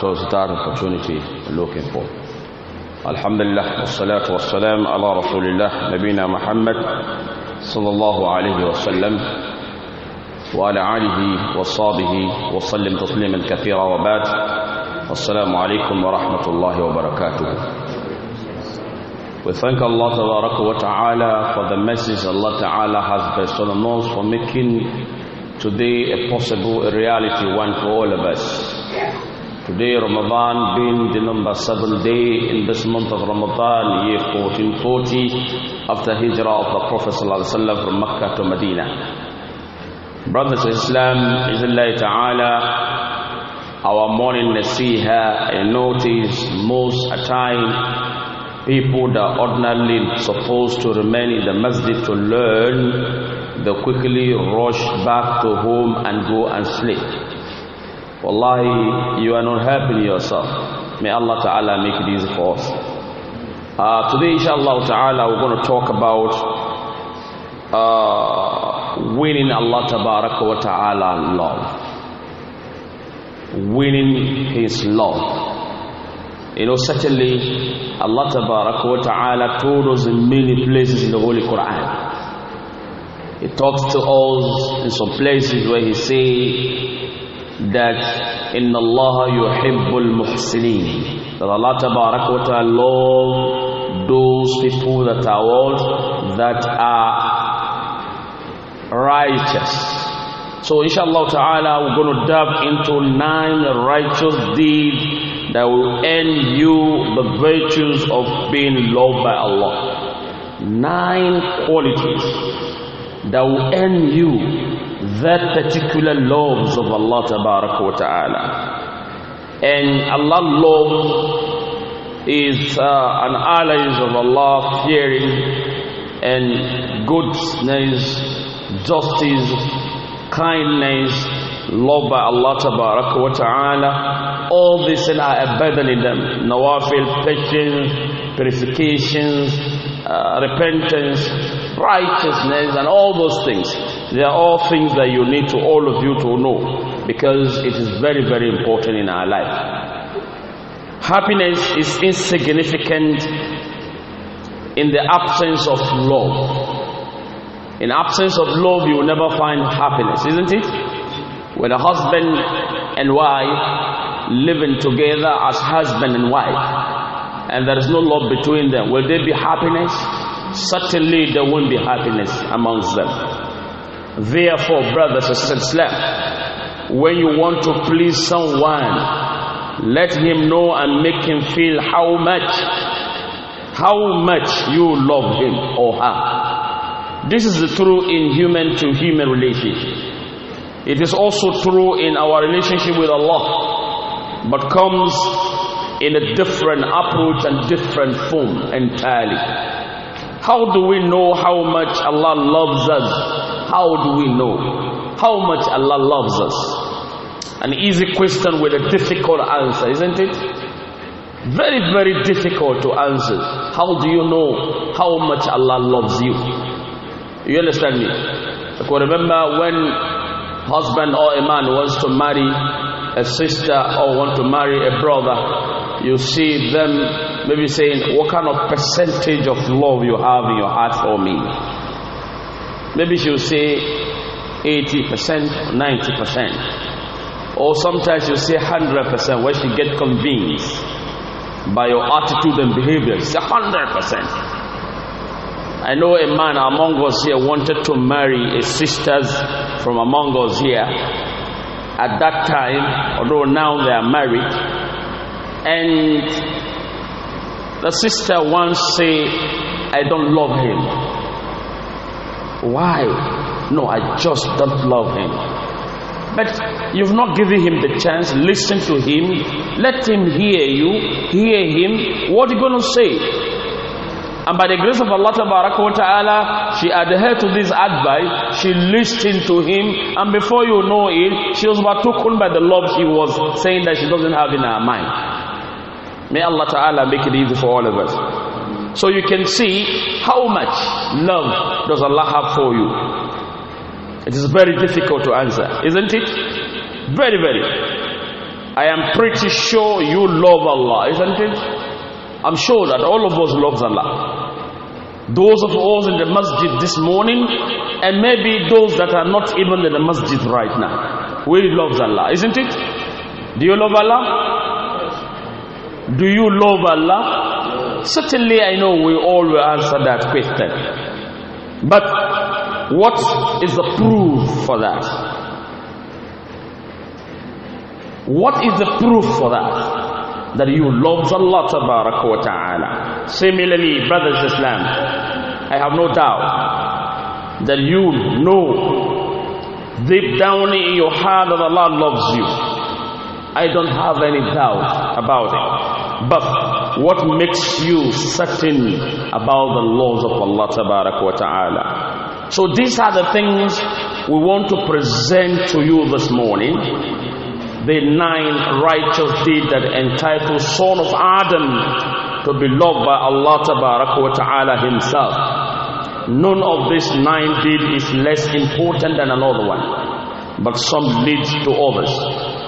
towards that opportunity looking for. Alhamdulillah, wassalatu wassalam ala rasulillah, nabina Muhammad sallallahu alayhi wa sallam We thank Allah Ta'ala for the message Allah Ta'ala has bestowed on us for making today a possible a reality one for all of us. Today Ramadan being the number seven day in this month of Ramadan, year 1440, after hijrah of the Prophet from Mecca to Medina. Brothers of Islam, Izzallah Ta'ala, our morning nasiha, I notice most at time, people that ordinarily supposed to remain in the masjid to learn, they quickly rush back to home and go and sleep. Wallahi, you are not helping yourself. May Allah Ta'ala make it easy for us. Uh, today, inshallah Ta'ala, we're going to talk about uh, winning Allah Ta'ala wa Ta'ala love. Winning His love. You know, certainly, Allah wa Ta'ala told us in many places in the Holy Quran. He talks to us in some places where He says, that in Allah yuhibbul muhsinin that Allah tabarak wa ta'ala love those people that are old that are righteous so inshallah ta'ala we're going to dive into nine righteous deeds that will earn you the virtues of being loved by Allah nine qualities that will earn you that particular loves of Allah ta'ala. And Allah love is uh, an alliance of Allah fearing and goodness, justice, kindness, love by Allah ta'ala. All these and are embedded in them. Nawafil, patience, purifications, uh, repentance, righteousness, and all those things. They are all things that you need to all of you to know because it is very, very important in our life. Happiness is insignificant in the absence of love. In absence of love, you will never find happiness, isn't it? When a husband and wife living together as husband and wife, and there is no love between them, will there be happiness? certainly there won't be happiness amongst them. Therefore, brothers and sisters, when you want to please someone, let him know and make him feel how much, how much you love him or her. This is true in human to human relationship. It is also true in our relationship with Allah, but comes in a different approach and different form entirely. How do we know how much Allah loves us? How do we know how much Allah loves us? An easy question with a difficult answer, isn't it? Very, very difficult to answer. How do you know how much Allah loves you? You understand me? I remember when husband or a man wants to marry a sister or want to marry a brother, you see them Maybe saying, What kind of percentage of love you have in your heart for me? Maybe she'll say 80%, 90%. Or sometimes she'll say 100% when she get convinced by your attitude and behavior. It's 100%. I know a man among us here wanted to marry a sister from among us here. At that time, although now they are married, and the sister once say, I don't love him. Why? No, I just don't love him. But you've not given him the chance. Listen to him. Let him hear you. Hear him. What are you going to say? And by the grace of Allah Ta'ala, she adhered to this advice. She listened to him. And before you know it, she was overtaken by the love she was saying that she doesn't have in her mind. May Allah Ta'ala make it easy for all of us. So you can see how much love does Allah have for you. It is very difficult to answer, isn't it? Very, very. I am pretty sure you love Allah, isn't it? I'm sure that all of us loves Allah. Those of us in the masjid this morning, and maybe those that are not even in the masjid right now, we love Allah, isn't it? Do you love Allah? Do you love Allah? Certainly, I know we all will answer that question. But what is the proof for that? What is the proof for that? That you love Allah wa ta'ala. Similarly, brothers Islam, I have no doubt that you know deep down in your heart that Allah loves you. I don't have any doubt about it but what makes you certain about the laws of Allah wa ta'ala so these are the things we want to present to you this morning the nine righteous deeds that entitle son of Adam to be loved by Allah wa ta'ala himself none of these nine deeds is less important than another one but some leads to others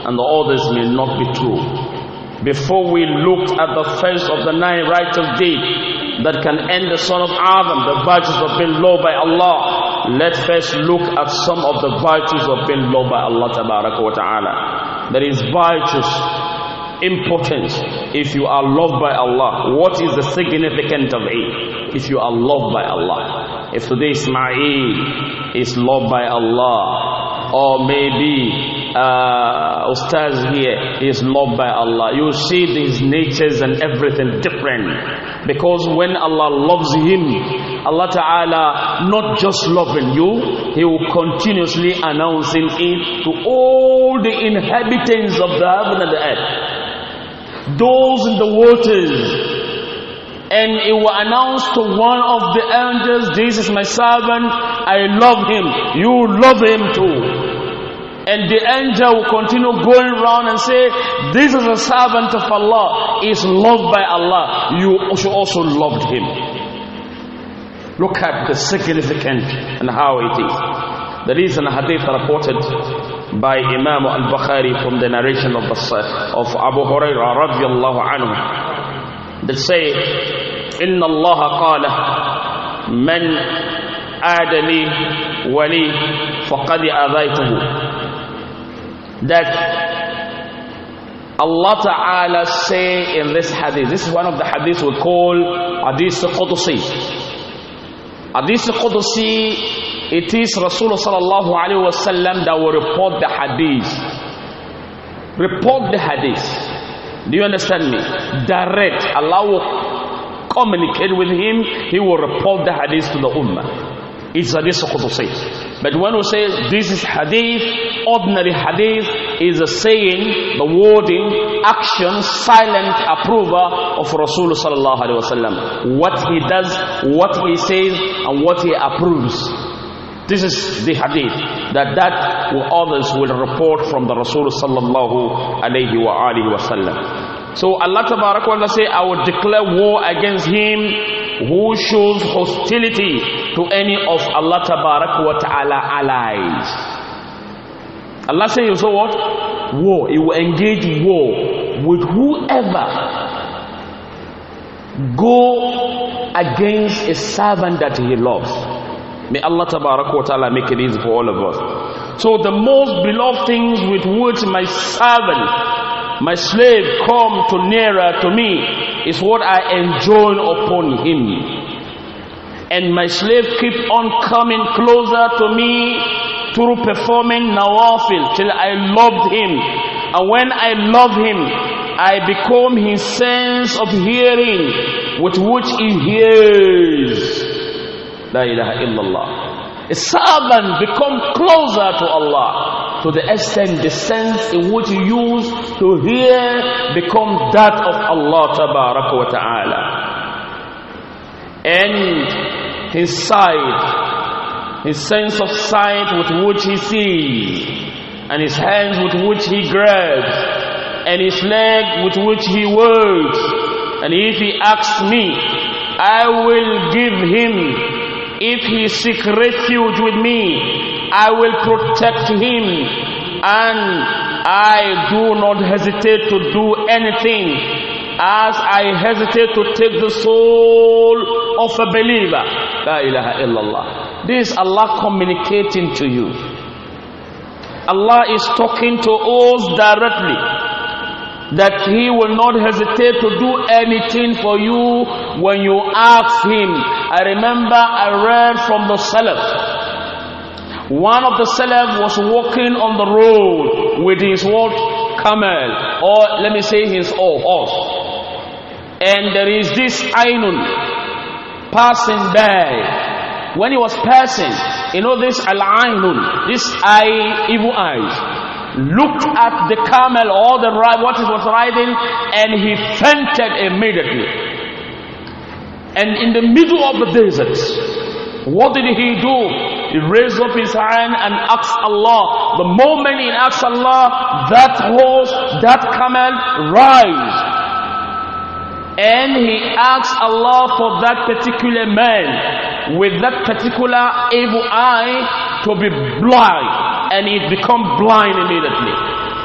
and the others may not be true before we looked at the first of the nine righteous deeds that can end the son of Adam, the virtues of being loved by Allah, let's first look at some of the virtues of being loved by Allah Ta'ala. There is virtues importance if you are loved by Allah. What is the significance of it if you are loved by Allah? If today Ismail is loved by Allah, or maybe uh, Ustaz here is loved by Allah. You see these natures and everything different. Because when Allah loves him, Allah Ta'ala not just loving you, He will continuously announcing it to all the inhabitants of the heaven and the earth. Those in the waters, and it will announce to one of the angels, This is my servant, I love him. You love him too. And the angel will continue going round and say, This is a servant of Allah, is loved by Allah. You also also loved him. Look at the significance and how it is. There is an hadith reported by Imam al-Bukhari from the narration of, the, of Abu Hurairah radiallahu anhu that say, إن الله قال من آدني ولي فقد آذيته that Allah Ta'ala say in this hadith. This is one of the hadiths we call Hadith Qudusi. Hadith Qudusi, it is Rasulullah Sallallahu Alaihi Wasallam that will report the hadith. Report the hadith. Do you understand me? Direct. Allah will communicate with him. He will report the hadith to the ummah. It's Hadith Qudusi. But one who says this is hadith, ordinary hadith is a saying, the wording, action, silent approver of Rasulullah sallallahu alaihi wasallam. What he does, what he says, and what he approves. This is the hadith that that others will report from the Rasulullah sallallahu alaihi wa alihi wasallam. So Allah Taala say, I will declare war against him who shows hostility to any of Allah wa ta'ala allies. Allah says you saw what? War. He will engage war with whoever go against a servant that he loves. May Allah wa ta'ala make it easy for all of us. So the most beloved things with which my servant, my slave come to nearer to me is what I enjoin upon him and my slave kept on coming closer to me through performing nawafil till I loved him. And when I love him, I become his sense of hearing with which he hears. La ilaha illallah. A servant become closer to Allah to the extent the sense in which you use to hear become that of Allah Ta'ala. And his sight, his sense of sight with which he sees, and his hands with which he grabs, and his leg with which he works. And if he asks me, I will give him. If he seek refuge with me, I will protect him. And I do not hesitate to do anything as I hesitate to take the soul of a believer La ilaha illallah. This is Allah communicating to you. Allah is talking to us directly that He will not hesitate to do anything for you when you ask Him. I remember I read from the Salaf. One of the Salaf was walking on the road with his what? Camel, or let me say his horse. And there is this Ainun passing by. When he was passing, you know this al-ainun, this eye, evil eyes, looked at the camel or the what it was riding, and he fainted immediately. And in the middle of the desert, what did he do? He raised up his hand and asked Allah. The moment he asked Allah, that horse, that camel, rise and he asks Allah for that particular man with that particular evil eye to be blind and he become blind immediately.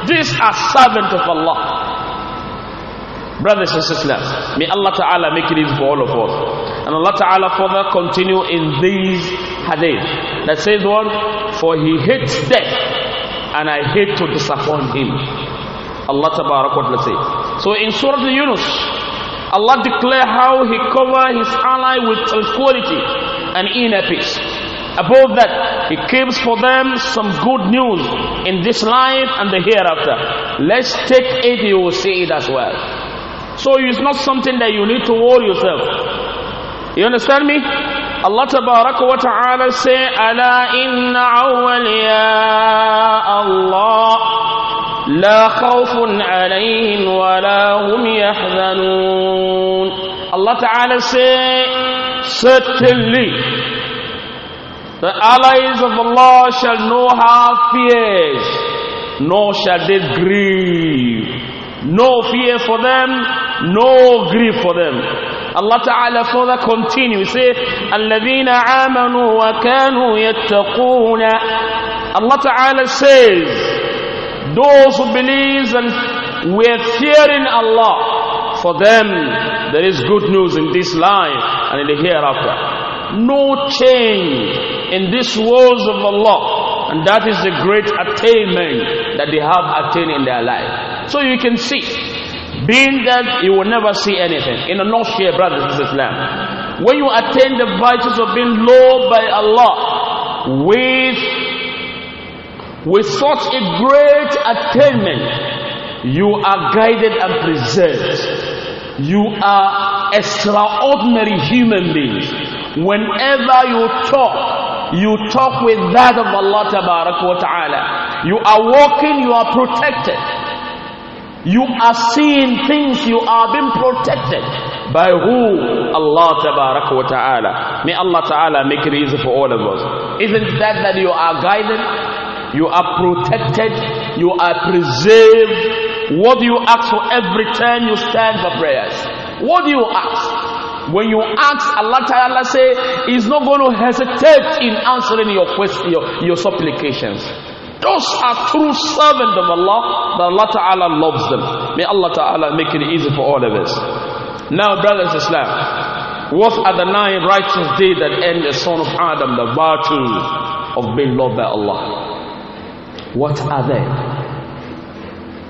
These are servants of Allah. Brothers and sisters, may Allah Ta'ala make it easy for all of us. And Allah Ta'ala further continue in these hadith that says what? For he hates death and I hate to disappoint him. Allah Ta'ala says. So in Surah Yunus, Allah declare how He cover His ally with tranquility and inner peace. Above that, He gives for them some good news in this life and the hereafter. Let's take it, you will see it as well. So it's not something that you need to worry yourself. You understand me? الله wa وتعالى say, Allah inna awliya Allah. لا خوف عليهم ولا هم يحزنون Allah Ta'ala say certainly the allies of Allah shall no have fears nor shall they grieve no fear for them no grief for them Allah Ta'ala further continues say الذين آمنوا وكانوا يتقون Allah Ta'ala says Those who believe and we are fearing Allah, for them there is good news in this life and in the hereafter. No change in these words of Allah. And that is the great attainment that they have attained in their life. So you can see, being that you will never see anything. In a nutshell, brothers and Islam. When you attain the virtues of being loved by Allah with with such a great attainment, you are guided and preserved. You are extraordinary human beings. Whenever you talk, you talk with that of Allah Ta'ala. You are walking, you are protected. You are seeing things, you are being protected. By who? Allah Ta'ala. May Allah Ta'ala make it easy for all of us. Isn't that that you are guided? You are protected. You are preserved. What do you ask for every time you stand for prayers? What do you ask? When you ask, Allah Ta'ala say, He's not going to hesitate in answering your, questions, your, your supplications. Those are true servants of Allah, that Allah Ta'ala loves them. May Allah Ta'ala make it easy for all of us. Now, brothers and sisters, what are the nine righteous deeds that end the son of Adam the virtue of being loved by Allah? What are they?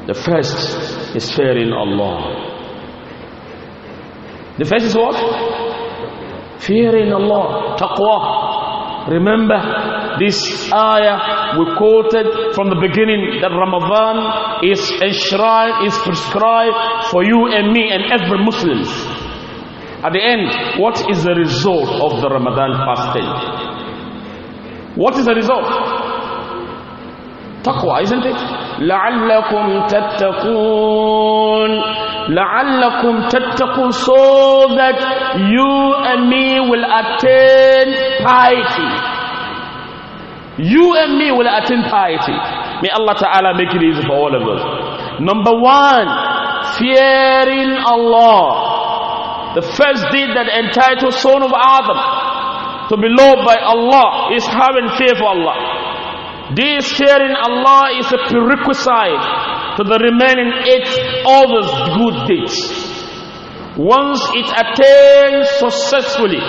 The first is fearing Allah. The first is what? Fearing Allah. Taqwa. Remember this ayah we quoted from the beginning that Ramadan is enshrined, is prescribed for you and me and every Muslim. At the end, what is the result of the Ramadan fasting? What is the result? تقوى عايزين لعلكم تتقون لعلكم تتقون so that you and me will attain piety you and me will attain piety may Allah Ta'ala make it easy for all of us number one fearing Allah the first deed that entitles son of Adam to be loved by Allah is having fear for Allah This sharing Allah is a prerequisite to the remaining eight other good deeds. Once it attained successfully,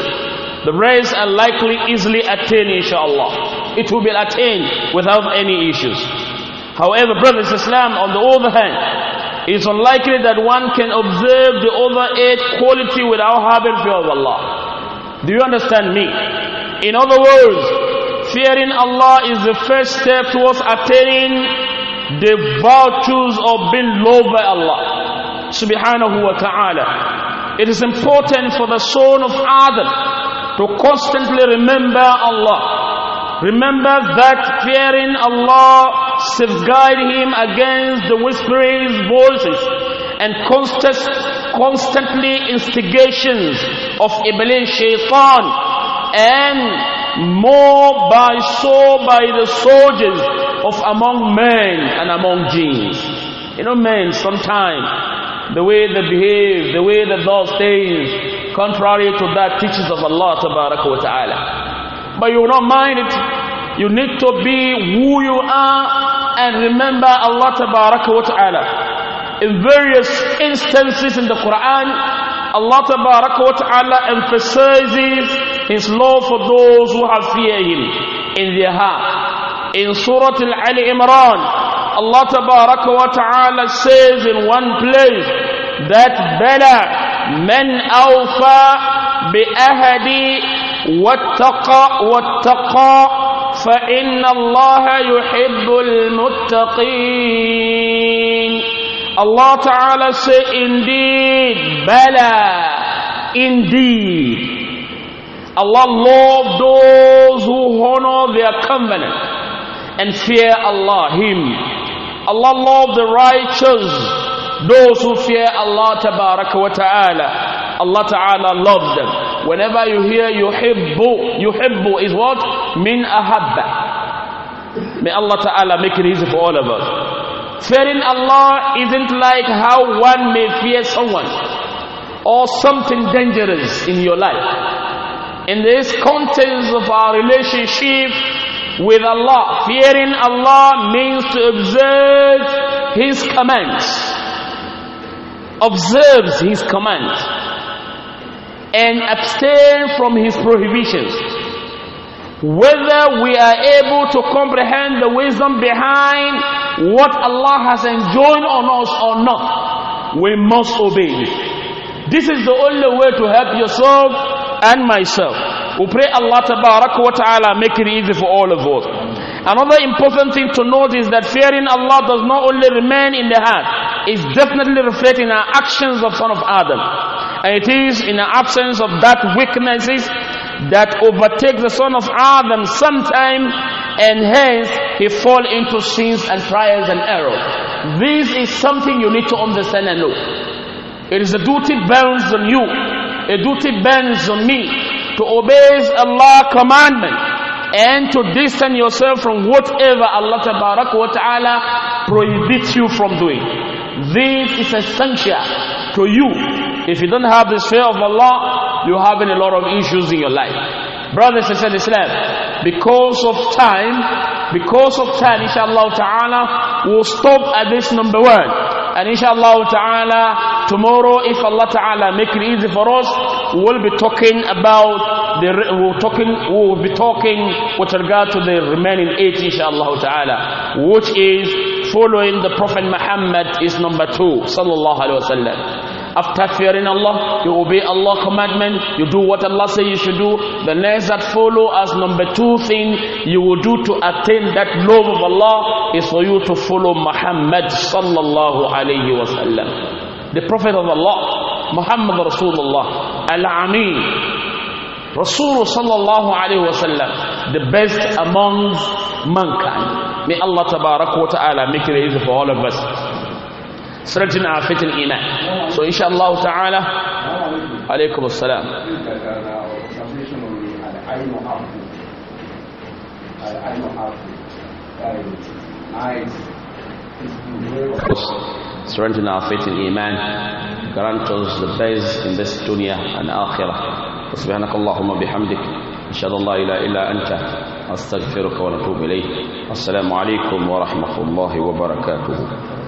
the rest are likely easily attained, inshallah. It will be attained without any issues. However, brothers Islam, on the other hand, it's unlikely that one can observe the other eight quality without having fear of Allah. Do you understand me? In other words, Fearing Allah is the first step towards attaining the virtues of being loved by Allah subhanahu wa ta'ala. It is important for the son of Adam to constantly remember Allah. Remember that fearing Allah safeguard him against the whispering voices and constant, constantly instigations of Iblis, Shaitan, and more by so by the soldiers of among men and among jinns. You know, men sometimes the way they behave, the way that those things, contrary to that teaches of Allah Ta'ala. But you will not mind it. You need to be who you are and remember Allah Ta'ala. In various instances in the Quran, Allah Ta'ala emphasizes his love for those who have fear Him in their heart. In Surah Al Imran, Allah wa Ta'ala says in one place that Bala man awfa bi ahadi wattaqa wattaqa فإن الله يحب المتقين Allah Ta'ala say indeed Bala indeed Allah loves those who honor their covenant and fear Allah, Him. Allah loves the righteous, those who fear Allah wa ta'ala. Allah ta'ala loves them. Whenever you hear yuhibbu, yuhibbu is what? Min ahabba. May Allah ta'ala make it easy for all of us. Fearing Allah isn't like how one may fear someone or something dangerous in your life in this context of our relationship with Allah. Fearing Allah means to observe His commands. Observes His commands. And abstain from His prohibitions. Whether we are able to comprehend the wisdom behind what Allah has enjoined on us or not, we must obey This is the only way to help yourself and myself. We pray Allah wa ta'ala make it easy for all of us. Another important thing to note is that fearing Allah does not only remain in the heart, it's definitely reflecting our actions of son of Adam. And it is in the absence of that weaknesses that overtake the son of Adam sometime and hence he fall into sins and trials and errors. This is something you need to understand and know. It is a duty balanced on you a duty bends on me to obey Allah's commandment and to distance yourself from whatever Allah Ta'ala prohibits you from doing. This is essential to you. If you don't have this fear of Allah, you're having a lot of issues in your life. Brothers and sisters Islam, because of time, because of time, inshallah ta'ala, will stop at this number one. And inshallah ta'ala, tomorrow, if Allah Ta'ala make it easy for us, we'll be talking about the we'll talking we'll be talking with regard to the remaining eight inshallah ta'ala, which is following the Prophet Muhammad is number two, sallallahu alaihi wasallam after fearing Allah, you obey Allah commandment, you do what Allah says you should do. The next that follow as number two thing you will do to attain that love of Allah is for you to follow Muhammad sallallahu alayhi wasallam the Prophet of Allah, Muhammad Rasulullah, Al-Amin, Rasulullah sallallahu alayhi the best among mankind. May Allah tabarak wa ta'ala make it easy for all of us. Strengthen our faith in So inshallah ta'ala, alaykum as-salam. I I I, strengthen our faith in Iman, grant us the best in this dunya and akhirah. سبحانك اللهم وبحمدك أشهد الله لا إلا أنت أستغفرك ونتوب إليه السلام عليكم ورحمة الله وبركاته